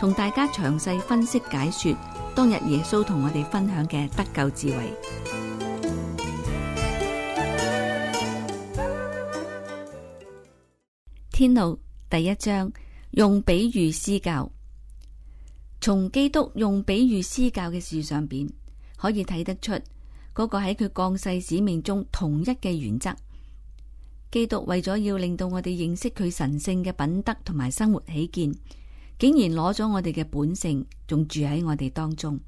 同大家詳細分析解說，當日耶穌同我哋分享嘅得救智慧。天路第一章，用比喻施教，從基督用比喻施教嘅事上面，可以睇得出嗰個喺佢降世使命中統一嘅原則。基督為咗要令到我哋認識佢神聖嘅品德同埋生活起見。竟然攞咗我哋嘅本性，仲住喺我哋當中。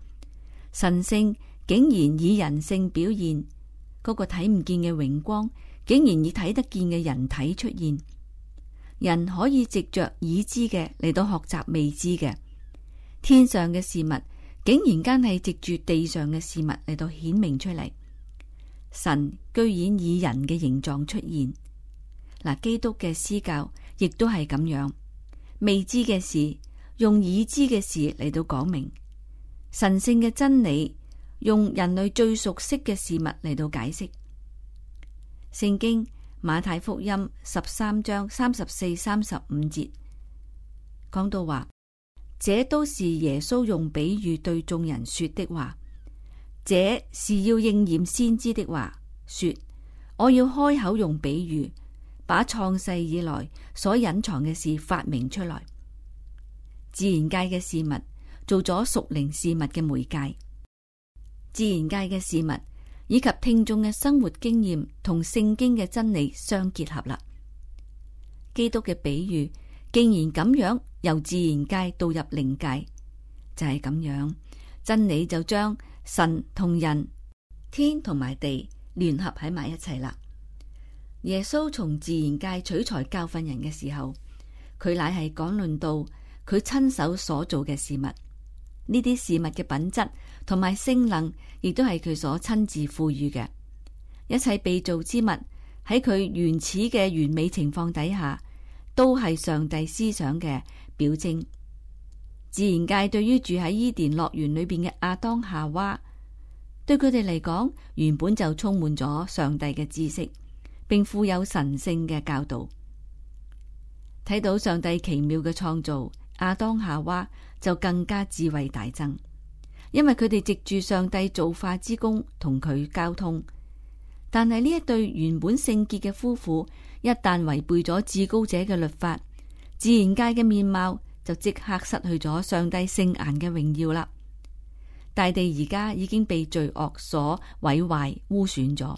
神性竟然以人性表現，嗰個睇唔見嘅榮光，竟然以睇得見嘅人體出現。人可以藉着已知嘅嚟到學習未知嘅。天上嘅事物竟然間係藉住地上嘅事物嚟到顯明出嚟。神居然以人嘅形狀出現。嗱，基督嘅施教亦都係咁樣。未知嘅事，用已知嘅事嚟到講明；神聖嘅真理，用人類最熟悉嘅事物嚟到解釋。聖經馬太福音十三章三十四三十五節講到話，這都是耶穌用比喻對眾人說的話，這是要應驗先知的話，說我要開口用比喻。把創世以來所隱藏嘅事發明出來，自然界嘅事物做咗屬靈事物嘅媒介，自然界嘅事物以及聽眾嘅生活經驗同聖經嘅真理相結合啦。基督嘅比喻竟然咁樣由自然界導入靈界，就係咁樣，真理就將神同人、天同埋地聯合喺埋一齊啦。耶穌從自然界取材教訓人嘅時候，佢乃係講論到佢親手所做嘅事物。呢啲事物嘅品質同埋性能，亦都係佢所親自賦予嘅。一切被造之物喺佢原始嘅完美情況底下，都係上帝思想嘅表徵。自然界對於住喺伊甸樂園裏邊嘅亞當夏娃，對佢哋嚟講，原本就充滿咗上帝嘅知識。並富有神聖嘅教導，睇到上帝奇妙嘅創造，亞當夏娃就更加智慧大增，因為佢哋藉住上帝造化之功同佢交通。但係呢一對原本聖潔嘅夫婦，一旦違背咗至高者嘅律法，自然界嘅面貌就即刻失去咗上帝聖顏嘅榮耀啦。大地而家已經被罪惡所毀壞污損咗，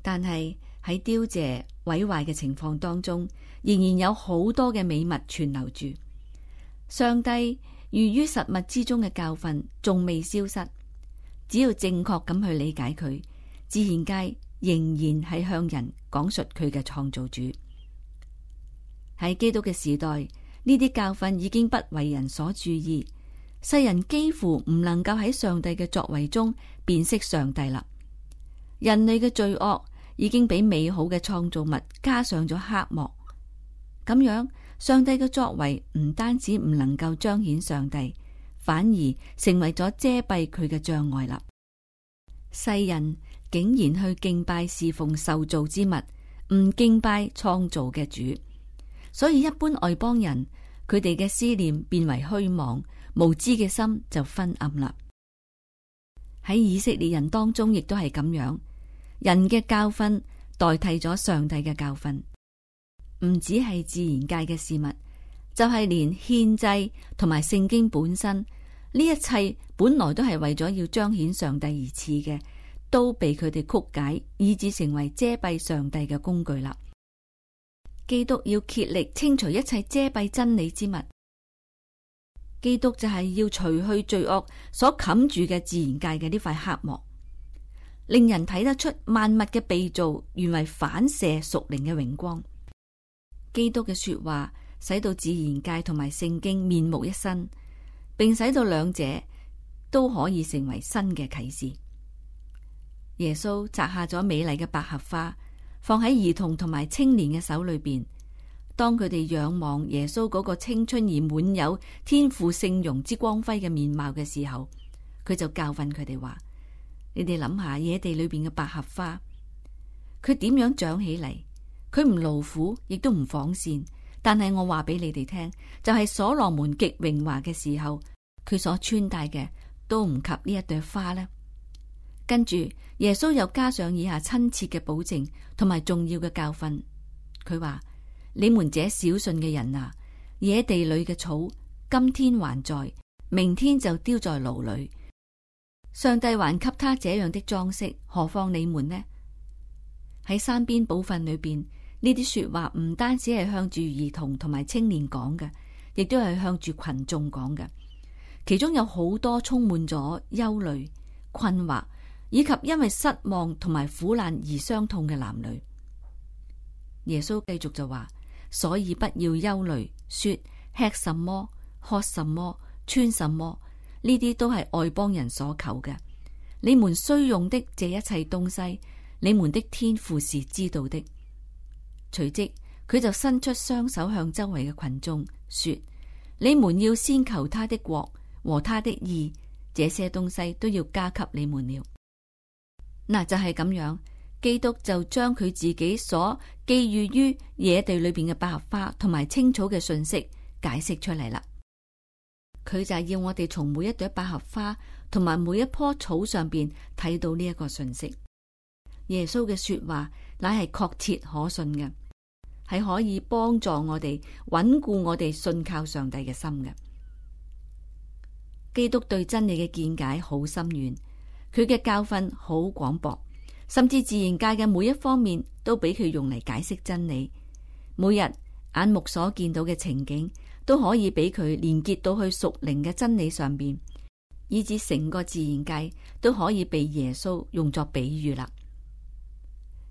但係。喺凋謝毀壞嘅情況當中，仍然有好多嘅美物存留住。上帝寓於實物之中嘅教訓仲未消失，只要正確咁去理解佢，自然界仍然係向人講述佢嘅創造主。喺基督嘅時代，呢啲教訓已經不為人所注意，世人幾乎唔能夠喺上帝嘅作為中辨識上帝啦。人類嘅罪惡。已經俾美好嘅創造物加上咗黑幕，咁樣上帝嘅作為唔單止唔能夠彰顯上帝，反而成為咗遮蔽佢嘅障礙啦。世人竟然去敬拜侍奉受造之物，唔敬拜創造嘅主，所以一般外邦人佢哋嘅思念變為虛妄，無知嘅心就昏暗啦。喺以色列人當中，亦都係咁樣。人嘅教訓代替咗上帝嘅教訓，唔止係自然界嘅事物，就係、是、連獻祭同埋聖經本身，呢一切本來都係為咗要彰顯上帝而設嘅，都被佢哋曲解，以致成為遮蔽上帝嘅工具啦。基督要竭力清除一切遮蔽真理之物，基督就係要除去罪惡所冚住嘅自然界嘅呢塊黑幕。令人睇得出萬物嘅被造原為反射屬靈嘅榮光。基督嘅說話使到自然界同埋聖經面目一新，並使到兩者都可以成為新嘅啟示。耶穌摘下咗美麗嘅百合花，放喺兒童同埋青年嘅手裏邊。當佢哋仰望耶穌嗰個青春而滿有天父聖容之光輝嘅面貌嘅時候，佢就教訓佢哋話。你哋諗下野地裏邊嘅百合花，佢點樣長起嚟？佢唔勞苦，亦都唔紡線，但係我話俾你哋聽，就係所羅門極榮華嘅時候，佢所穿戴嘅都唔及呢一朵花呢。跟住耶穌又加上以下親切嘅保證同埋重要嘅教訓，佢話：你們這小信嘅人啊，野地裏嘅草，今天還在，明天就丟在爐裏。上帝還給他這樣的裝飾，何況你們呢？喺山邊寶訓裏邊，呢啲說話唔單止係向住兒童同埋青年講嘅，亦都係向住群眾講嘅。其中有好多充滿咗憂慮、困惑，以及因為失望同埋苦難而傷痛嘅男女。耶穌繼續就話：「所以不要憂慮，說吃什麼、喝什麼、穿什麼。呢啲都係外邦人所求嘅，你們需用的這一切東西，你們的天父是知道的。隨即佢就伸出雙手向周圍嘅群眾說：你們要先求他的國和他的義，這些東西都要加給你們了。嗱，就係咁樣，基督就將佢自己所寄寓於野地裏邊嘅百合花同埋青草嘅信息解釋出嚟啦。佢就係要我哋從每一朵百合花同埋每一棵草上邊睇到呢一個信息。耶穌嘅說話乃係確切可信嘅，係可以幫助我哋穩固我哋信靠上帝嘅心嘅。基督對真理嘅見解好深遠，佢嘅教訓好廣博，甚至自然界嘅每一方面都俾佢用嚟解釋真理。每日眼目所見到嘅情景，都可以俾佢連結到去屬靈嘅真理上邊，以至成個自然界都可以被耶穌用作比喻啦。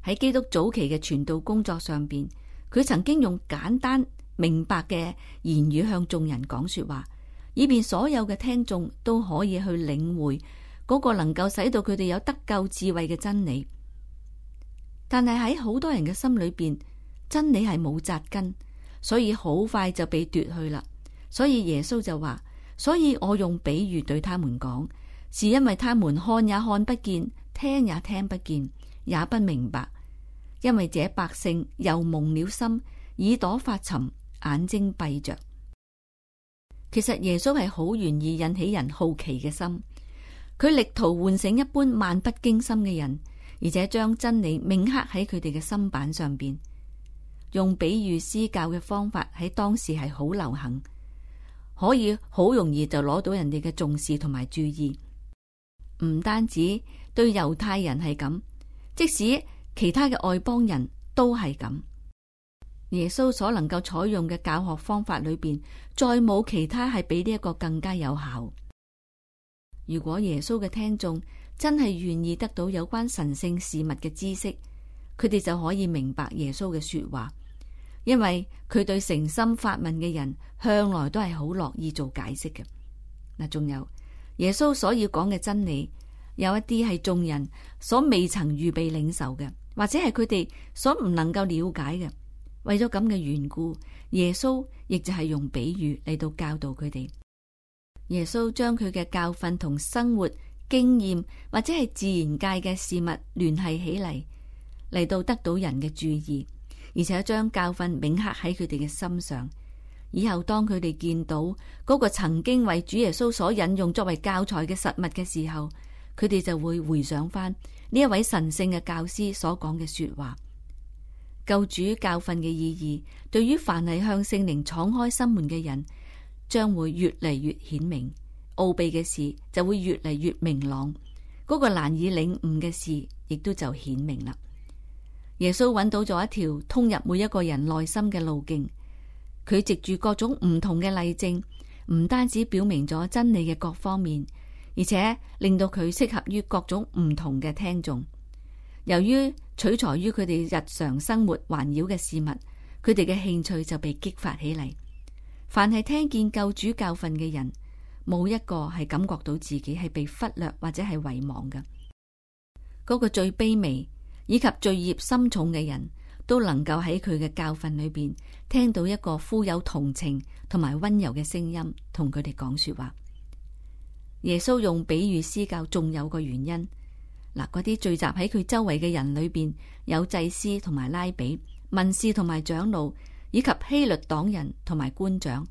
喺基督早期嘅傳道工作上邊，佢曾經用簡單明白嘅言語向眾人講說話，以便所有嘅聽眾都可以去領會嗰個能夠使到佢哋有得救智慧嘅真理。但係喺好多人嘅心裏邊，真理係冇紮根。所以好快就被奪去了，所以耶穌就話，所以我用比喻對他們講，是因為他們看也看不見，聽也聽不見，也不明白，因為這百姓又蒙了心，耳朵發沉，眼睛閉着。其實耶穌係好願意引起人好奇嘅心，佢力圖喚醒一般漫不經心嘅人，而且將真理銘刻喺佢哋嘅心板上邊。用比喻施教嘅方法喺當時係好流行，可以好容易就攞到人哋嘅重視同埋注意。唔單止對猶太人係咁，即使其他嘅外邦人都係咁。耶穌所能夠採用嘅教學方法裏邊，再冇其他係比呢一個更加有效。如果耶穌嘅聽眾真係願意得到有關神聖事物嘅知識，佢哋就可以明白耶穌嘅說話。因為佢對誠心發問嘅人，向來都係好樂意做解釋嘅。嗱，仲有耶穌所要講嘅真理，有一啲係眾人所未曾預備領受嘅，或者係佢哋所唔能夠了解嘅。為咗咁嘅緣故，耶穌亦就係用比喻嚟到教導佢哋。耶穌將佢嘅教訓同生活經驗，或者係自然界嘅事物聯繫起嚟，嚟到得到人嘅注意。而且將教訓銘刻喺佢哋嘅心上，以後當佢哋見到嗰個曾經為主耶穌所引用作為教材嘅實物嘅時候，佢哋就會回想翻呢一位神聖嘅教師所講嘅說話，救主教訓嘅意義，對於凡係向聖靈敞開心門嘅人，將會越嚟越顯明，奧秘嘅事就會越嚟越明朗，嗰個難以領悟嘅事，亦都就顯明啦。耶穌揾到咗一條通入每一個人內心嘅路徑，佢藉住各種唔同嘅例證，唔單止表明咗真理嘅各方面，而且令到佢適合於各種唔同嘅聽眾。由於取材於佢哋日常生活環繞嘅事物，佢哋嘅興趣就被激發起嚟。凡係聽見救主教訓嘅人，冇一個係感覺到自己係被忽略或者係遺忘嘅。嗰個最卑微，以及罪孽深重嘅人都能夠喺佢嘅教訓裏邊聽到一個富有同情同埋溫柔嘅聲音，同佢哋講說話。耶穌用比喻施教，仲有個原因，嗱，嗰啲聚集喺佢周圍嘅人裏邊有祭司同埋拉比、文士同埋長老，以及希律黨人同埋官長，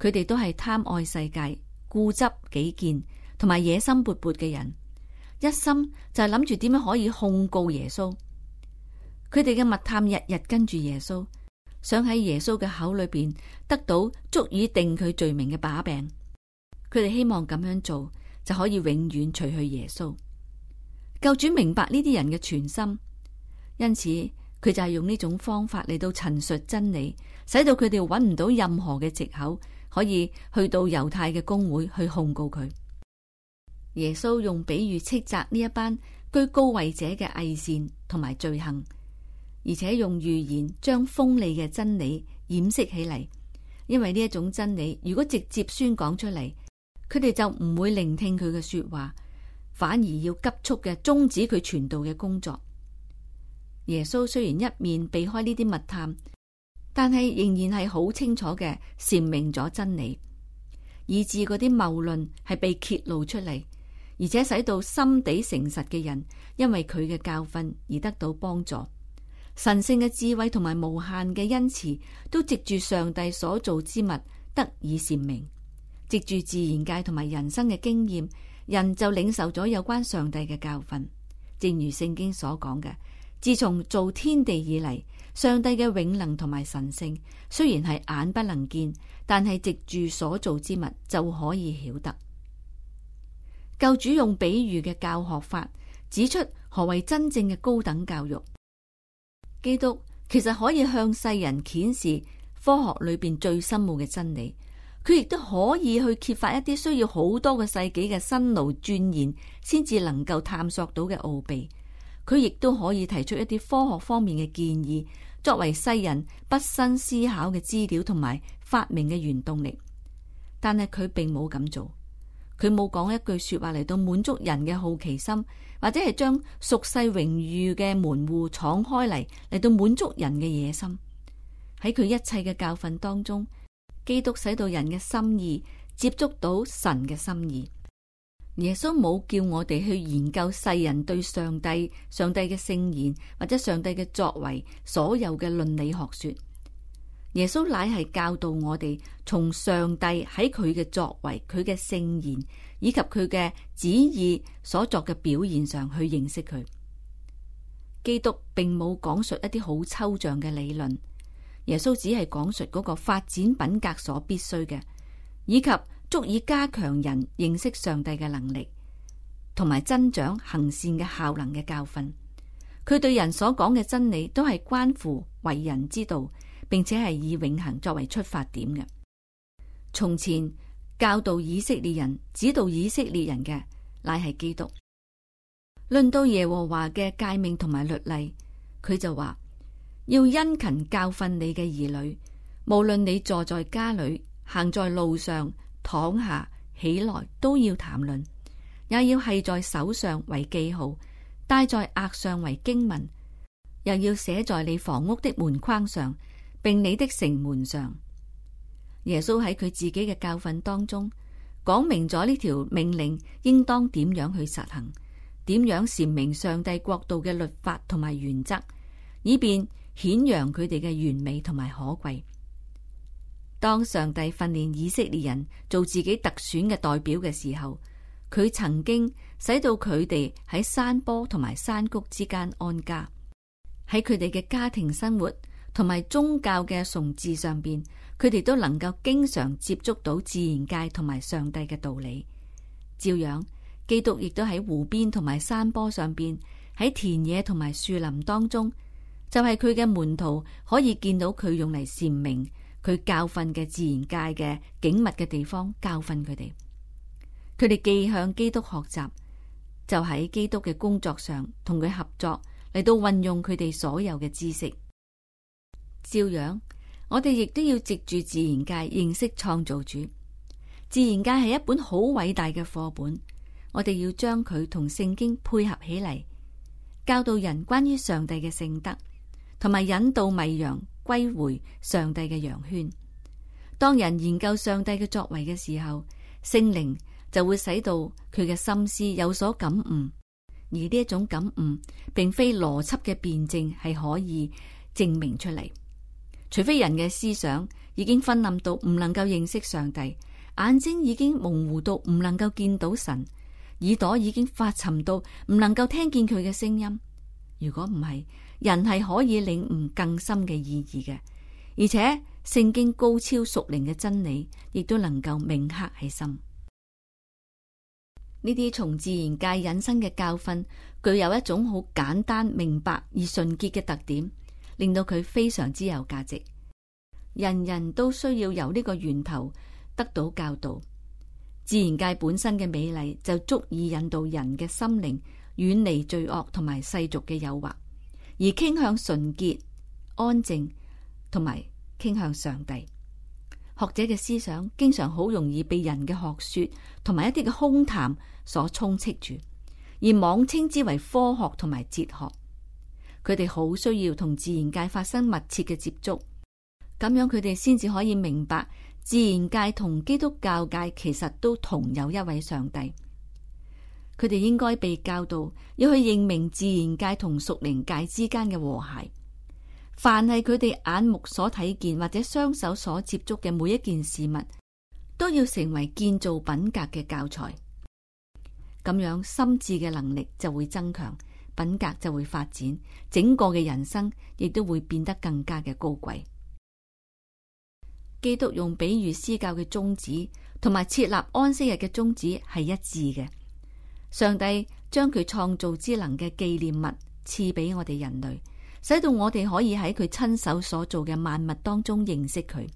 佢哋都係貪愛世界、固執己見同埋野心勃勃嘅人。一心就係諗住點樣可以控告耶穌，佢哋嘅密探日日跟住耶穌，想喺耶穌嘅口裏邊得到足以定佢罪名嘅把柄，佢哋希望咁樣做就可以永遠除去耶穌。救主明白呢啲人嘅全心，因此佢就係用呢種方法嚟到陳述真理，使到佢哋搵唔到任何嘅借口可以去到猶太嘅公會去控告佢。耶穌用比喻斥責呢一班居高位者嘅偽善同埋罪行，而且用預言將鋒利嘅真理掩飾起嚟，因為呢一種真理如果直接宣講出嚟，佢哋就唔會聆聽佢嘅說話，反而要急速嘅終止佢傳道嘅工作。耶穌雖然一面避開呢啲密探，但係仍然係好清楚嘅闡明咗真理，以致嗰啲謬論係被揭露出嚟。而且使到心地誠實嘅人，因為佢嘅教訓而得到幫助。神聖嘅智慧同埋無限嘅恩賜都藉住上帝所造之物得以闡明。藉住自然界同埋人生嘅經驗，人就領受咗有關上帝嘅教訓。正如聖經所講嘅，自從造天地以嚟，上帝嘅永能同埋神聖，雖然係眼不能見，但係藉住所造之物就可以曉得。教主用比喻嘅教學法指出何謂真正嘅高等教育。基督其實可以向世人顯示科學裏邊最深奧嘅真理，佢亦都可以去揭發一啲需要好多嘅世紀嘅辛勞鑽研先至能夠探索到嘅奧秘。佢亦都可以提出一啲科學方面嘅建議，作為世人不新思考嘅資料同埋發明嘅原動力。但係佢並冇咁做。佢冇講一句說話嚟到滿足人嘅好奇心，或者係將屬世榮譽嘅門戶敞開嚟嚟到滿足人嘅野心。喺佢一切嘅教訓當中，基督使到人嘅心意接觸到神嘅心意。耶穌冇叫我哋去研究世人對上帝、上帝嘅聖言或者上帝嘅作為所有嘅論理學說。耶穌乃係教導我哋從上帝喺佢嘅作為、佢嘅聖言以及佢嘅旨意所作嘅表現上去認識佢。基督並冇講述一啲好抽象嘅理論，耶穌只係講述嗰個發展品格所必須嘅，以及足以加強人認識上帝嘅能力，同埋增長行善嘅效能嘅教訓。佢對人所講嘅真理都係關乎為人之道，並且係以永恆作為出發點嘅。從前教導以色列人，指導以色列人嘅，乃係基督。論到耶和華嘅誡命同埋律例，佢就話要殷勤教訓你嘅兒女，無論你坐在家裏、行在路上、躺下起來，都要談論，也要繫在手上為記號，戴在額上為經文，又要寫在你房屋的門框上。並你的城門上，耶穌喺佢自己嘅教訓當中講明咗呢條命令應當點樣去實行，點樣闡明上帝國度嘅律法同埋原則，以便顯揚佢哋嘅完美同埋可貴。當上帝訓練以色列人做自己特選嘅代表嘅時候，佢曾經使到佢哋喺山坡同埋山谷之間安家，喺佢哋嘅家庭生活。同埋宗教嘅崇智上邊，佢哋都能夠經常接觸到自然界同埋上帝嘅道理。照樣，基督亦都喺湖邊同埋山坡上邊，喺田野同埋樹林當中，就係佢嘅門徒可以見到佢用嚟闡明佢教訓嘅自然界嘅景物嘅地方，教訓佢哋。佢哋既向基督學習，就喺基督嘅工作上同佢合作嚟到運用佢哋所有嘅知識。照樣，我哋亦都要藉住自然界認識創造主。自然界係一本好偉大嘅課本，我哋要將佢同聖經配合起嚟，教導人關於上帝嘅聖德，同埋引導迷羊歸回上帝嘅羊圈。當人研究上帝嘅作為嘅時候，聖靈就會使到佢嘅心思有所感悟，而呢一種感悟並非邏輯嘅辯證係可以證明出嚟。除非人嘅思想已經昏暗到唔能夠認識上帝，眼睛已經模糊到唔能夠見到神，耳朵已經發沉到唔能夠聽見佢嘅聲音。如果唔係，人係可以領悟更深嘅意義嘅，而且聖經高超屬靈嘅真理亦都能夠銘刻喺心。呢啲從自然界引申嘅教訓具有一種好簡單、明白而純潔嘅特點。令到佢非常之有價值，人人都需要由呢個源頭得到教導。自然界本身嘅美麗就足以引導人嘅心靈遠離罪惡同埋世俗嘅誘惑，而傾向純潔、安靜同埋傾向上帝。學者嘅思想經常好容易被人嘅學說同埋一啲嘅空談所充斥住，而妄稱之為科學同埋哲學。佢哋好需要同自然界發生密切嘅接觸，咁樣佢哋先至可以明白自然界同基督教界其實都同有一位上帝。佢哋應該被教導要去認明自然界同屬靈界之間嘅和諧。凡係佢哋眼目所睇見或者雙手所接觸嘅每一件事物，都要成為建造品格嘅教材。咁樣心智嘅能力就會增強。品格就會發展，整個嘅人生亦都會變得更加嘅高貴。基督用比喻施教嘅宗旨，同埋設立安息日嘅宗旨係一致嘅。上帝將佢創造之能嘅紀念物賜俾我哋人類，使到我哋可以喺佢親手所做嘅萬物當中認識佢。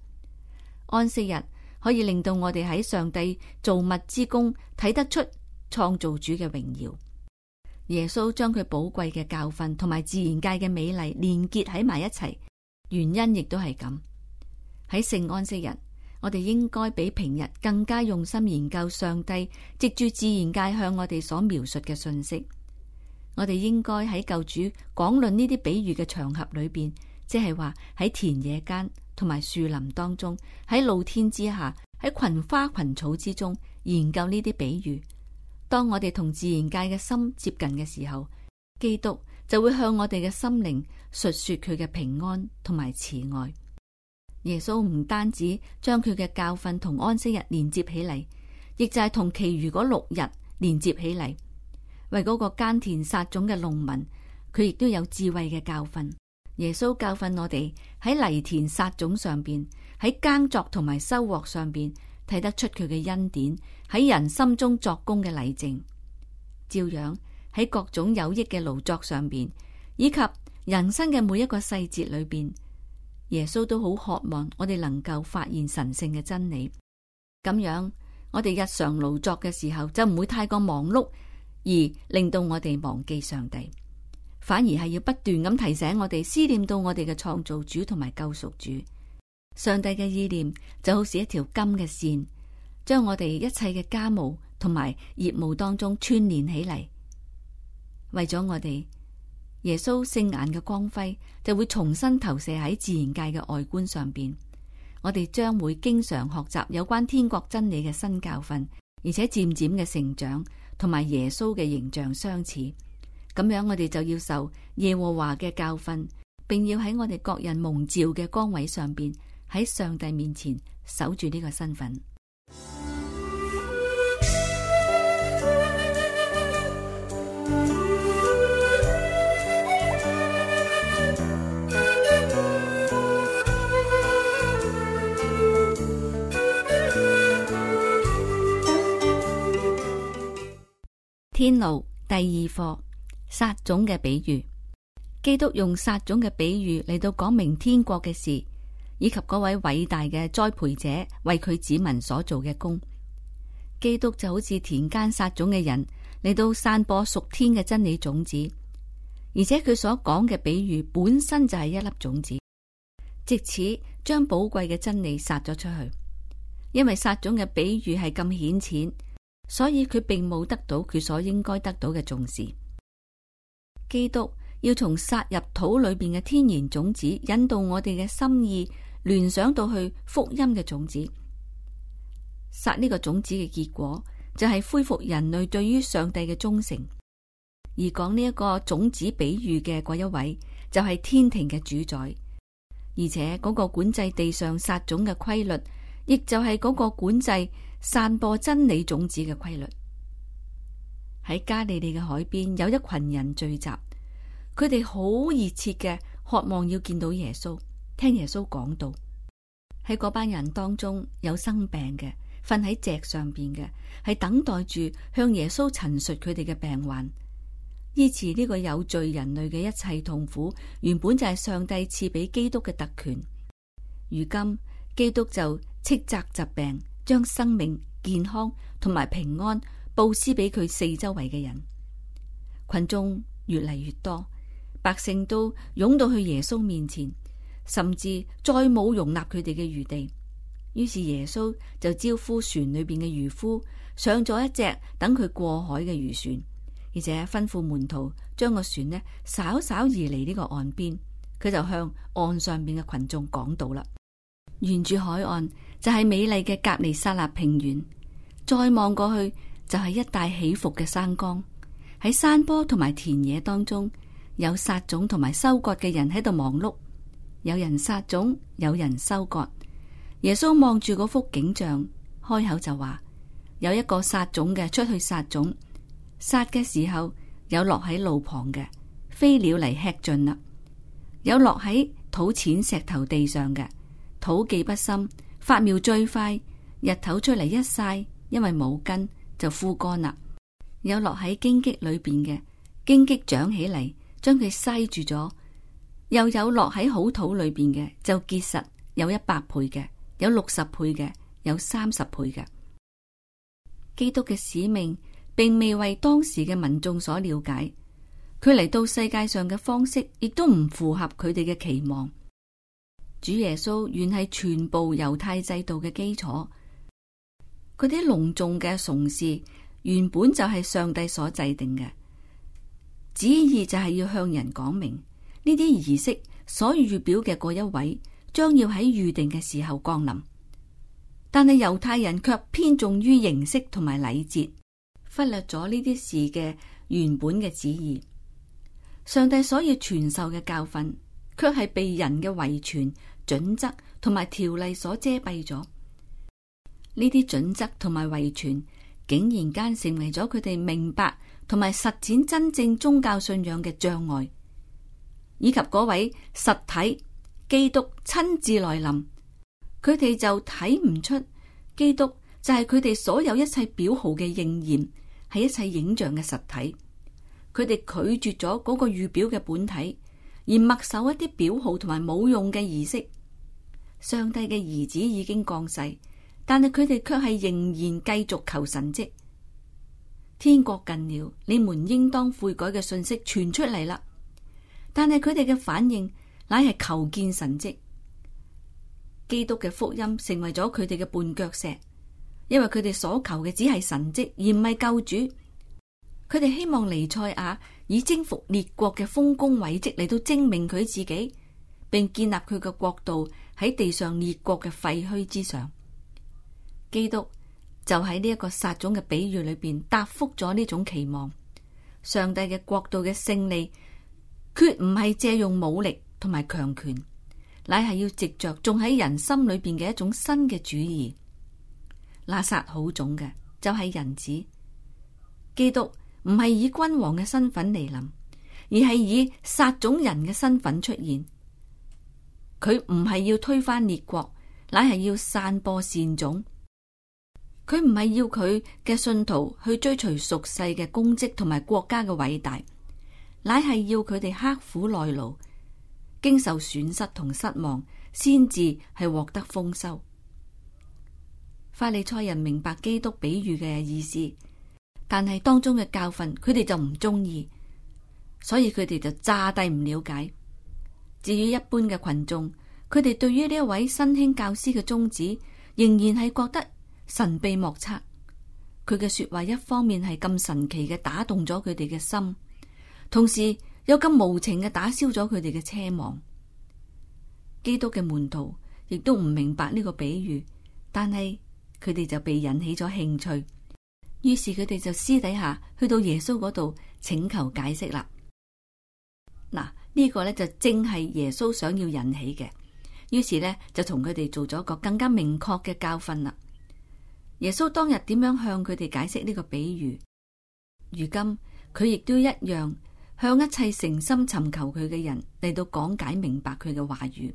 安息日可以令到我哋喺上帝造物之功睇得出創造主嘅榮耀。耶穌將佢寶貴嘅教訓同埋自然界嘅美麗連結喺埋一齊，原因亦都係咁。喺聖安息日，我哋應該比平日更加用心研究上帝，藉住自然界向我哋所描述嘅信息。我哋應該喺救主講論呢啲比喻嘅場合裏邊，即係話喺田野間同埋樹林當中，喺露天之下，喺群花群草之中研究呢啲比喻。當我哋同自然界嘅心接近嘅時候，基督就會向我哋嘅心靈述說佢嘅平安同埋慈愛。耶穌唔單止將佢嘅教訓同安息日連接起嚟，亦就係同其餘嗰六日連接起嚟。為嗰個耕田撒種嘅農民，佢亦都有智慧嘅教訓。耶穌教訓我哋喺犁田撒種上邊，喺耕作同埋收穫上邊。睇得出佢嘅恩典喺人心中作工嘅例證，照樣喺各種有益嘅勞作上邊，以及人生嘅每一個細節裏邊，耶穌都好渴望我哋能夠發現神聖嘅真理。咁樣，我哋日常勞作嘅時候就唔會太過忙碌而令到我哋忘記上帝，反而係要不斷咁提醒我哋思念到我哋嘅創造主同埋救贖主。上帝嘅意念就好似一條金嘅線，將我哋一切嘅家務同埋業務當中串聯起嚟。為咗我哋，耶穌聖眼嘅光輝就會重新投射喺自然界嘅外觀上邊。我哋將會經常學習有關天國真理嘅新教訓，而且漸漸嘅成長同埋耶穌嘅形象相似。咁樣我哋就要受耶和華嘅教訓，並要喺我哋各人蒙召嘅崗位上邊喺上帝面前守住呢個身份。天路第二課：撒種嘅比喻。基督用撒種嘅比喻嚟到講明天國嘅事，以及嗰位偉大嘅栽培者為佢子民所做嘅工，基督就好似田間撒種嘅人嚟到散播屬天嘅真理種子，而且佢所講嘅比喻本身就係一粒種子，借此將寶貴嘅真理撒咗出去。因為撒種嘅比喻係咁顯淺，所以佢並冇得到佢所應該得到嘅重視。基督要從撒入土裏邊嘅天然種子，引導我哋嘅心意。聯想到去福音嘅種子，撒呢個種子嘅結果就係恢復人類對於上帝嘅忠誠。而講呢一個種子比喻嘅嗰一位就係天庭嘅主宰，而且嗰個管制地上撒種嘅規律，亦就係嗰個管制散播真理種子嘅規律。喺加利利嘅海邊，有一群人聚集，佢哋好熱切嘅渴望要見到耶穌。聽耶穌講道。喺嗰班人當中有生病嘅、瞓喺席上邊嘅，係等待住向耶穌陳述佢哋嘅病患。依此呢個有罪人類嘅一切痛苦，原本就係上帝賜俾基督嘅特權。如今基督就斥責疾病，將生命、健康同埋平安布施俾佢四周圍嘅人。群眾越嚟越多，百姓都湧到去耶穌面前。甚至再冇容納佢哋嘅餘地，於是耶穌就招呼船裏邊嘅漁夫上咗一隻等佢過海嘅漁船，而且吩咐門徒將個船呢稍稍移離呢個岸邊。佢就向岸上邊嘅群眾講道啦：沿住海岸就係美麗嘅格尼沙納平原，再望過去就係一帶起伏嘅山崗。喺山坡同埋田野當中，有撒種同埋收割嘅人喺度忙碌。有人撒種，有人收割。耶穌望住嗰幅景象，開口就話：有一個撒種嘅出去撒種，撒嘅時候有落喺路旁嘅飛鳥嚟吃盡啦；有落喺土淺石頭地上嘅土既不深，發苗最快，日頭出嚟一曬，因為冇根就枯乾啦；有落喺荊棘裏邊嘅荊棘長起嚟，將佢篩住咗。又有落喺好土裏邊嘅就結實，有一百倍嘅，有一百倍嘅，有六十倍嘅，有三十倍嘅。基督嘅使命並未為當時嘅民眾所了解，佢嚟到世界上嘅方式亦都唔符合佢哋嘅期望。主耶穌原係全部猶太制度嘅基礎，佢啲隆重嘅崇事原本就係上帝所制定嘅，旨意就係要向人講明。呢啲儀式所預表嘅嗰一位，將要喺預定嘅時候降臨。但係猶太人卻偏重於形式同埋禮節，忽略咗呢啲事嘅原本嘅旨意。上帝所要傳授嘅教訓，卻係被人嘅遺傳、準則同埋條例所遮蔽咗。呢啲準則同埋遺傳，竟然間成為咗佢哋明白同埋實踐真正宗教信仰嘅障礙。以及嗰位實體基督親自來臨，佢哋就睇唔出基督就係佢哋所有一切表號嘅應驗，係一切影像嘅實體。佢哋拒絕咗嗰個預表嘅本體，而默守一啲表號同埋冇用嘅儀式。上帝嘅兒子已經降世，但係佢哋卻係仍然繼續求神跡。天國近了，你們應當悔改嘅信息傳出嚟啦。但係佢哋嘅反應，乃係求見神蹟。基督嘅福音成為咗佢哋嘅絆腳石，因為佢哋所求嘅只係神蹟，而唔係救主。佢哋希望彌賽亞以征服列國嘅豐功偉績嚟到證明佢自己，並建立佢嘅國度喺地上列國嘅廢墟之上。基督就喺呢一個撒種嘅比喻裏邊，答覆咗呢種期望。上帝嘅國度嘅勝利。決唔係借用武力同埋強權，乃係要藉着仲喺人心裏邊嘅一種新嘅主義，那撒好種嘅就係、是、人子。基督唔係以君王嘅身份嚟臨，而係以殺種人嘅身份出現。佢唔係要推翻列國，乃係要散播善種。佢唔係要佢嘅信徒去追隨俗世嘅功績同埋國家嘅偉大。乃係要佢哋刻苦耐勞，經受損失同失望，先至係獲得豐收。法利賽人明白基督比喻嘅意思，但係當中嘅教訓，佢哋就唔中意，所以佢哋就詐諦唔了解。至於一般嘅群眾，佢哋對於呢一位新興教師嘅宗旨，仍然係覺得神秘莫測。佢嘅說話一方面係咁神奇嘅，打動咗佢哋嘅心。同時又咁無情嘅打消咗佢哋嘅奢望，基督嘅門徒亦都唔明白呢個比喻，但係佢哋就被引起咗興趣，於是佢哋就私底下去到耶穌嗰度請求解釋啦。嗱，呢個咧就正係耶穌想要引起嘅，於是呢，就同佢哋做咗一個更加明確嘅教訓啦。耶穌當日點樣向佢哋解釋呢個比喻，如今佢亦都一樣。向一切誠心尋求佢嘅人嚟到講解明白佢嘅話語。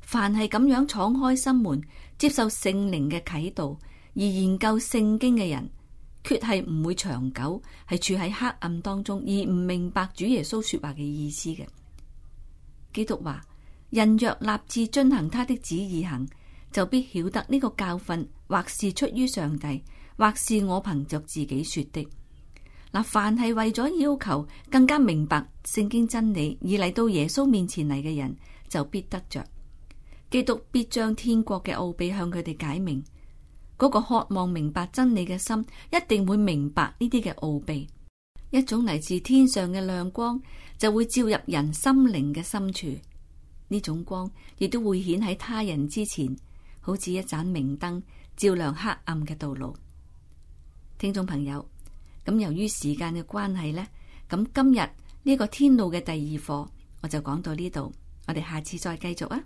凡係咁樣敞開心門接受聖靈嘅啟導而研究聖經嘅人，卻係唔會長久係處喺黑暗當中而唔明白主耶穌說話嘅意思嘅。基督話：人若立志進行他的旨意行，就必曉得呢個教訓或是出於上帝，或是我憑着自己說的。嗱，凡係為咗要求更加明白聖經真理而嚟到耶穌面前嚟嘅人，就必得着基督，必將天國嘅奧秘向佢哋解明。嗰個渴望明白真理嘅心，一定會明白呢啲嘅奧秘。一種嚟自天上嘅亮光，就會照入人心靈嘅深處。呢種光亦都會顯喺他人之前，好似一盞明燈，照亮黑暗嘅道路。聽眾朋友。咁由於時間嘅關係咧，咁今日呢個天路嘅第二課，我就講到呢度，我哋下次再繼續啊。